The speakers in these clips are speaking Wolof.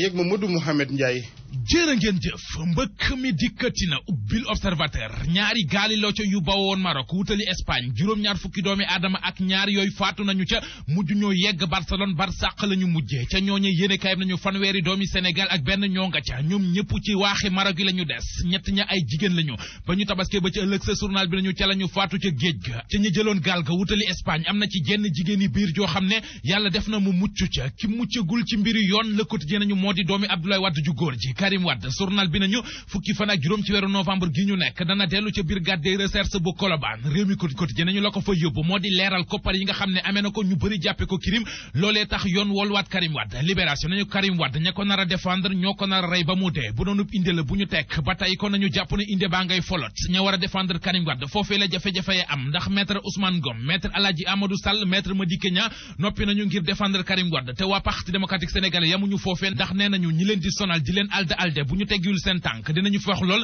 yéeg Mamadou Mouhamed Ndiaye jërë ngeen jëf mbëkk mi dikkati na ubbil observateur ñaari gaali locco yu bawoon Maroc wutali Espagne juróom-ñaar fukki doomi aadama ak ñaar yooyu faatu nañu ca mujj ñoo yegg Barcelone barsàq la ñu mujjee ca ñooñe yéenekaay bi nañu fanweeri doomi Sénégal ak benn ñoo nga ca ñoom ñëpp ci waaxi Maroc yi la ñu des ñett ña ay jigéen la ñu ba ñu tabaske ba ca ëllëg sa journal bi nañu ca la ñu faatu ca géej ga ca ñu jëloon gaal ga wutali Espagne am na ci jenn jigéeni biir joo xam ne yàlla def na mu mucc ca ki muccagul ci mbiri yoon Le Quotidien nañu moo di doomi Abdoulaye Wade ju góor ji Karim Wade journal bi nañu fukki fan juróom ci weeru novembre gi ñu nekk dana dellu ca brigade des recherches bu Colobane réew mi quotidien nañu la ko fa yóbbu moo di leeral koppar yi nga xam ne amee na ko ñu bëri jàppe ko crime loolee tax yoon wolwaat Karim Wade nañu Karim ña ko nar a ñoo ko nar a rey ba mu dee bu doonub inde la bu ñu tekk ba tey ko nañu jàpp ne inde baa ngay folot ña war a défendre Karim Zeyed Alde bu ñu teggul seen tànk dinañu fi wax lool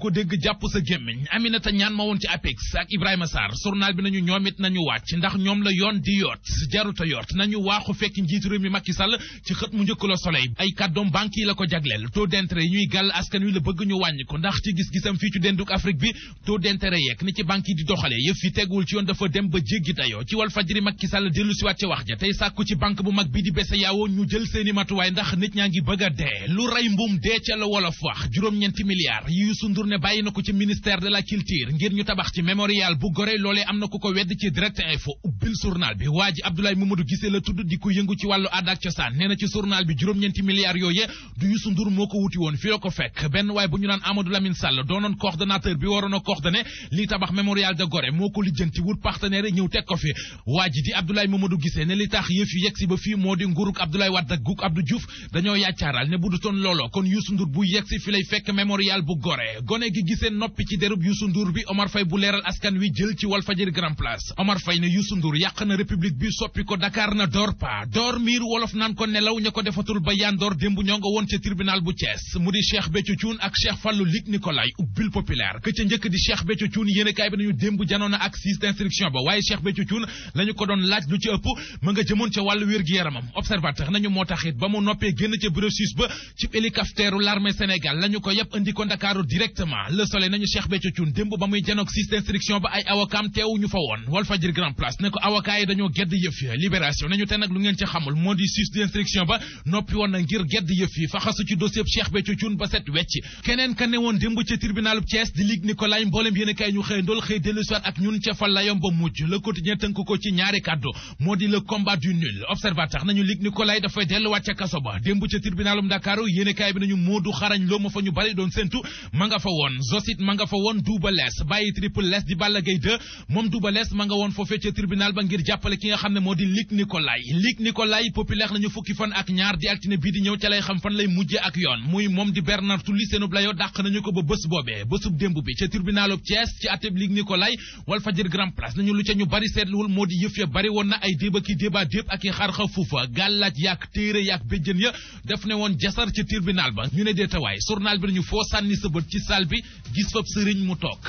ko dégg jàpp sa gémmiñ Aminata Ñaan ma woon ci APEX ak Ibrahima Sarr nañu ñoom it nañu wàcc ndax ñoom la yoon di yoot jaruta yoot nañu waaxu fekk njiitu mi Macky Sall ci xët mu njëkk la soleil ay kàddoom banque yi la gàll askan bëgg ñu wàññi ndax ci gis-gisam fii ci denduk Afrique bi taux d'intérêt yeeg ni ci banque yi di doxale yëf yi teguwul ci yoon dafa dem ba jéggi dayoo ci wal fajri Macky Sall dellu si wàcc wax ja tey sàkku ci banque bu mag bi di BCEAO ñu jël seeni matuwaay ndax nit ñaa ngi bëgg a dee lu ray mbuum dee ca la wolof wax juróom-ñeenti milliards yi Youssou Ndour ne bàyyi na ko ci ministère de la culture ngir ñu tabax ci mémorial bu Gorée loolee am na ku ko wedd ci direct info ubbil journal bi waa ji Abdoulaye Mamadou Guissé la tudd di ko yëngu ci wàllu aada ak cosaan nee na ci journal bi juróom-ñeenti milliards yooye du Youssou Ndour moo ko wuti woon fi la ko fekk benn waaye bu ñu naan Amadou Lamine Sall doonoon coordonnateur bi waroon a coordonné li tabax mémorial tax yëf yi yegsi ba fii moo di nguurug Abdoulaye Wade ak gug Abdou Youssou Ndour bu yegsi fi lay fekk mémorial bu Gorée gone gi gisee noppi ci derub Youssou Ndour bi Omar Faye bu leeral askan wi jël ci Walfadjri Grand Place Omar Faye ne Youssou Ndour yàq na république bi soppi ko Dakar na door pa door miir wolof naan ko nelaw ña ko defatul ba yandoor démb ñoo nga woon ca tribunal bu Thiès mu di Cheikh Béthio Thioune ak Cheikh Fallou Ligue Nicolas ubbil populaire ke ca njëkk di Cheikh Béthio Thioune yéene bi nañu démb janoon ak secrétaire ko yëpp indi Ndakaaru directement Le Soleil nañu Cheikh Béthio démb ba muy janook sis d'instruction ba ay awakaam teewu fa woon Walfadjri Grand Place ne ko avocat yi gedd yëf yi libération nañu te nag lu ngeen ci xamul moo di sis d'instruction ba noppi woon na ngir gedd yëf yi faxasu ci dossier Cheikh Béthio ba set wecc keneen ka ne woon démb ca tribunalub Thiès di ligue Nicolas mboolem yéen ñu xëy ndool xëy dellu bi nañu Modou xarañ loo ma fa ñu bari doon séntu ma nga fa woon zosit ma nga fa woon Double Less bàyyi Triple Less di Balla Gaye 2 moom Double Less ma nga woon foofee ca tribunal ba ngir jàppale ki nga xam ne moo di Luc Nicolaï Luc Nicolaï populaire nañu fukki fan ak ñaar di altine bii di ñëw ca lay xam fan lay mujje ak yoon muy moom di Bernard Tulli seenub layoo dàq nañu ko ba bés boobee bésub démb bi ca tribunal ob Thiès ci atteb Luc Nicolaï wal fajir grand place lu ca ñu bari seetluwul moo di yëf ya bari woon na ay déba ki déba déb ak i xar xa fuufa gàllaaj yaak téere yaak saal ba ñu ne deetawaay journal bi nañu foo sànni sa bët ci saal bi gis fab sëriñ mu toog